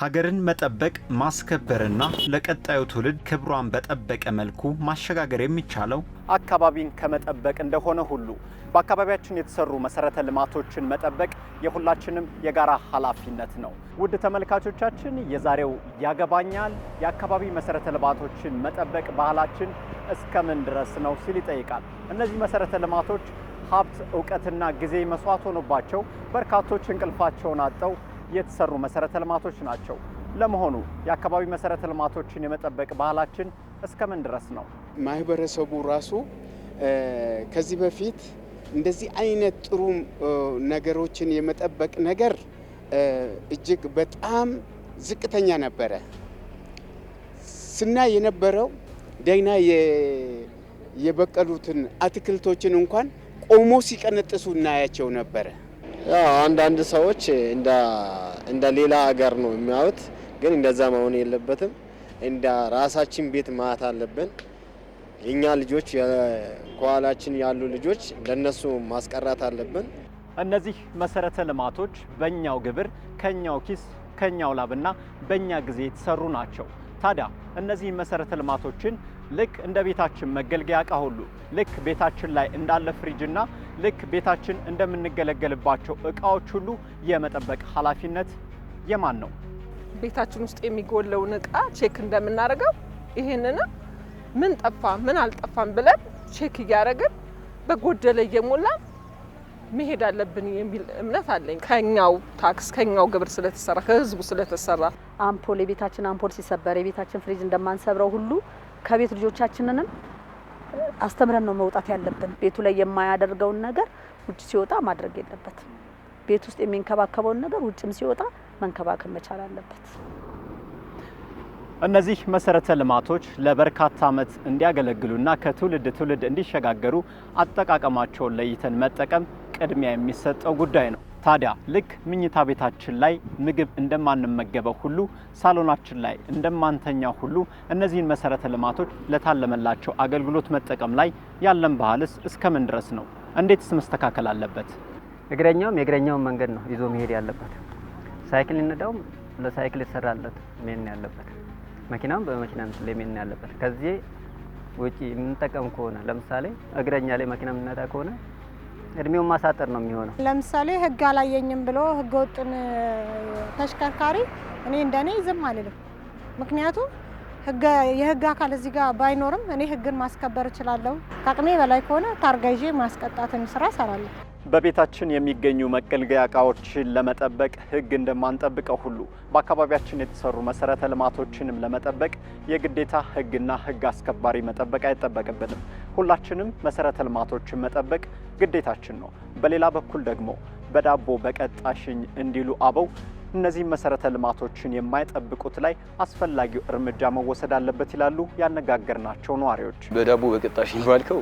ሀገርን መጠበቅ ማስከበርና ለቀጣዩ ትውልድ ክብሯን በጠበቀ መልኩ ማሸጋገር የሚቻለው አካባቢን ከመጠበቅ እንደሆነ ሁሉ በአካባቢያችን የተሰሩ መሰረተ ልማቶችን መጠበቅ የሁላችንም የጋራ ኃላፊነት ነው። ውድ ተመልካቾቻችን፣ የዛሬው ያገባኛል የአካባቢ መሰረተ ልማቶችን መጠበቅ ባህላችን እስከምን ድረስ ነው ሲል ይጠይቃል። እነዚህ መሰረተ ልማቶች ሀብት፣ እውቀትና ጊዜ መስዋዕት ሆኖባቸው በርካቶች እንቅልፋቸውን አጠው? የተሰሩ መሰረተ ልማቶች ናቸው። ለመሆኑ የአካባቢ መሰረተ ልማቶችን የመጠበቅ ባህላችን እስከምን ድረስ ነው? ማህበረሰቡ ራሱ ከዚህ በፊት እንደዚህ አይነት ጥሩ ነገሮችን የመጠበቅ ነገር እጅግ በጣም ዝቅተኛ ነበረ። ስናይ የነበረው ደህና የበቀሉትን አትክልቶችን እንኳን ቆሞ ሲቀነጥሱ እናያቸው ነበረ። አንዳንድ ሰዎች እንደ ሌላ ሀገር ነው የሚያዩት፣ ግን እንደዛ መሆን የለበትም። እንደ ራሳችን ቤት ማየት አለብን። የእኛ ልጆች ከኋላችን ያሉ ልጆች ለነሱ ማስቀራት አለብን። እነዚህ መሰረተ ልማቶች በእኛው ግብር ከኛው ኪስ ከኛው ላብና በእኛ ጊዜ የተሰሩ ናቸው። ታዲያ እነዚህ መሰረተ ልማቶችን ልክ እንደ ቤታችን መገልገያ እቃ ሁሉ ልክ ቤታችን ላይ እንዳለ ፍሪጅና ልክ ቤታችን እንደምንገለገልባቸው እቃዎች ሁሉ የመጠበቅ ኃላፊነት የማን ነው? ቤታችን ውስጥ የሚጎለውን እቃ ቼክ እንደምናደርገው ይህንንም ምን ጠፋ ምን አልጠፋም ብለን ቼክ እያደረግን በጎደለ እየሞላን መሄድ አለብን የሚል እምነት አለኝ። ከኛው ታክስ ከኛው ግብር ስለተሰራ ከህዝቡ ስለተሰራ አምፖል የቤታችን አምፖል ሲሰበር የቤታችን ፍሪጅ እንደማንሰብረው ሁሉ ከቤት ልጆቻችንንም አስተምረን ነው መውጣት ያለብን። ቤቱ ላይ የማያደርገውን ነገር ውጭ ሲወጣ ማድረግ የለበትም። ቤት ውስጥ የሚንከባከበውን ነገር ውጭም ሲወጣ መንከባከብ መቻል አለበት። እነዚህ መሰረተ ልማቶች ለበርካታ ዓመት እንዲያገለግሉና ከትውልድ ትውልድ እንዲሸጋገሩ አጠቃቀማቸውን ለይተን መጠቀም ቅድሚያ የሚሰጠው ጉዳይ ነው። ታዲያ ልክ ምኝታ ቤታችን ላይ ምግብ እንደማንመገበው ሁሉ ሳሎናችን ላይ እንደማንተኛ ሁሉ እነዚህን መሰረተ ልማቶች ለታለመላቸው አገልግሎት መጠቀም ላይ ያለን ባህልስ እስከምን ድረስ ነው? እንዴትስ መስተካከል አለበት? እግረኛውም የእግረኛውን መንገድ ነው ይዞ መሄድ ያለበት። ሳይክል ይነዳውም ለሳይክል ይሰራለት ሜን ያለበት፣ መኪናም በመኪና ሜን ያለበት። ከዚህ ውጪ የምንጠቀም ከሆነ ለምሳሌ እግረኛ ላይ መኪና የምንነዳ ከሆነ እድሜውን ማሳጠር ነው የሚሆነው። ለምሳሌ ህግ አላየኝም ብሎ ህገ ወጡን ተሽከርካሪ እኔ እንደኔ ዝም አልልም። ምክንያቱም የህግ አካል እዚህ ጋር ባይኖርም እኔ ህግን ማስከበር እችላለሁ። ከአቅሜ በላይ ከሆነ ታርጋ ይዤ ማስቀጣትን ስራ እሰራለሁ። በቤታችን የሚገኙ መገልገያ እቃዎችን ለመጠበቅ ህግ እንደማንጠብቀው ሁሉ በአካባቢያችን የተሰሩ መሰረተ ልማቶችንም ለመጠበቅ የግዴታ ህግና ህግ አስከባሪ መጠበቅ አይጠበቅብንም። ሁላችንም መሰረተ ልማቶችን መጠበቅ ግዴታችን ነው። በሌላ በኩል ደግሞ በዳቦ በቀጣሽኝ እንዲሉ አበው እነዚህ መሰረተ ልማቶችን የማይጠብቁት ላይ አስፈላጊው እርምጃ መወሰድ አለበት ይላሉ ያነጋገርናቸው ነዋሪዎች። በዳቦ በቀጣሽኝ ባልከው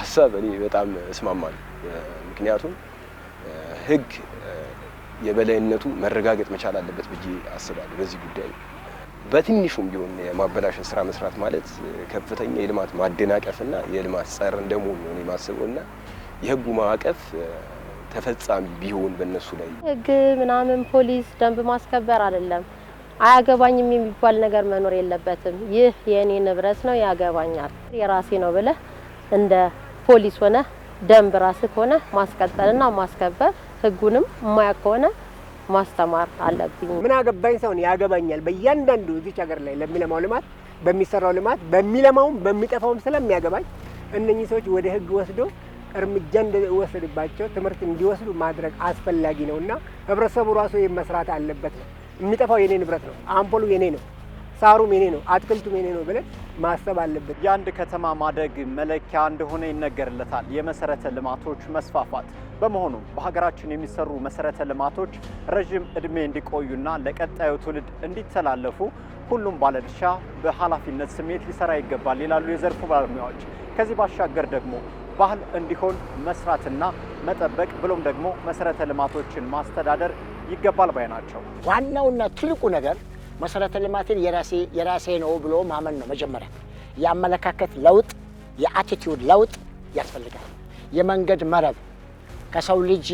ሀሳብ እኔ በጣም እስማማል። ምክንያቱም ህግ የበላይነቱ መረጋገጥ መቻል አለበት ብዬ አስባለሁ በዚህ ጉዳይ በትንሹም ቢሆን የማበላሸት ስራ መስራት ማለት ከፍተኛ የልማት ማደናቀፍና የልማት ጸር እንደመሆን ነው የማስበው እና የህጉ ማዕቀፍ ተፈጻሚ ቢሆን በእነሱ ላይ ህግ ምናምን ፖሊስ ደንብ ማስከበር አይደለም አያገባኝም የሚባል ነገር መኖር የለበትም። ይህ የእኔ ንብረት ነው ያገባኛል፣ የራሴ ነው ብለህ እንደ ፖሊስ ሆነ ደንብ ራስህ ከሆነ ማስቀጠልና ማስከበር ህጉንም የማያውቅ ከሆነ ማስተማር አለብኝ። ምን አገባኝ ሰውን ያገባኛል። በእያንዳንዱ እዚች ሀገር ላይ ለሚለማው ልማት በሚሰራው ልማት በሚለማውም በሚጠፋውም ስለሚያገባኝ እነኚህ ሰዎች ወደ ህግ ወስዶ እርምጃ እንደወሰድባቸው ትምህርት እንዲወስዱ ማድረግ አስፈላጊ ነው እና ህብረተሰቡ ራሱ መስራት አለበት ነው። የሚጠፋው የኔ ንብረት ነው። አምፖሉ የኔ ነው። ሳሩ ሜኔ ነው፣ አትክልቱ ሜኔ ነው ብለን ማሰብ አለበት። የአንድ ከተማ ማደግ መለኪያ እንደሆነ ይነገርለታል የመሰረተ ልማቶች መስፋፋት። በመሆኑም በሀገራችን የሚሰሩ መሰረተ ልማቶች ረዥም እድሜ እንዲቆዩና ለቀጣዩ ትውልድ እንዲተላለፉ ሁሉም ባለድርሻ በኃላፊነት ስሜት ሊሰራ ይገባል ይላሉ የዘርፉ ባለሙያዎች። ከዚህ ባሻገር ደግሞ ባህል እንዲሆን መስራትና መጠበቅ ብሎም ደግሞ መሰረተ ልማቶችን ማስተዳደር ይገባል ባይ ናቸው። ዋናውና ትልቁ ነገር መሰረተ ልማትን የራሴ ነው ብሎ ማመን ነው። መጀመሪያ የአመለካከት ለውጥ፣ የአቲቲዩድ ለውጥ ያስፈልጋል። የመንገድ መረብ ከሰው ልጅ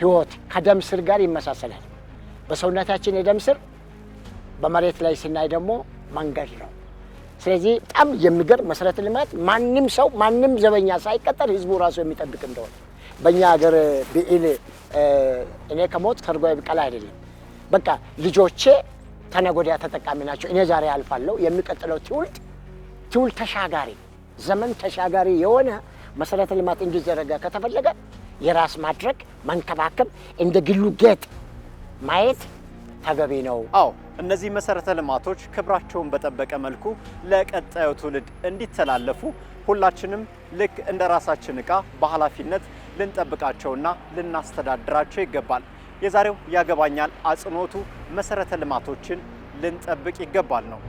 ህይወት ከደም ስር ጋር ይመሳሰላል። በሰውነታችን የደም ስር በመሬት ላይ ስናይ ደግሞ መንገድ ነው። ስለዚህ በጣም የሚገርም መሰረተ ልማት ማንም ሰው ማንም ዘበኛ ሳይቀጠር ህዝቡ ራሱ የሚጠብቅ እንደሆነ በእኛ ሀገር ብዕል እኔ ከሞት ተርጓ ይብቀል አይደለም። በቃ ልጆቼ ተነጎዳ ተጠቃሚ ናቸው። እኔ ዛሬ አልፋለሁ። የሚቀጥለው ትውልድ ትውልድ ተሻጋሪ ዘመን ተሻጋሪ የሆነ መሰረተ ልማት እንዲዘረጋ ከተፈለገ የራስ ማድረግ መንከባከብ፣ እንደ ግሉ ጌጥ ማየት ተገቢ ነው። አዎ እነዚህ መሰረተ ልማቶች ክብራቸውን በጠበቀ መልኩ ለቀጣዩ ትውልድ እንዲተላለፉ ሁላችንም ልክ እንደ ራሳችን እቃ በኃላፊነት ልንጠብቃቸውና ልናስተዳድራቸው ይገባል። የዛሬው ያገባኛል አጽንኦቱ መሰረተ ልማቶችን ልንጠብቅ ይገባል ነው።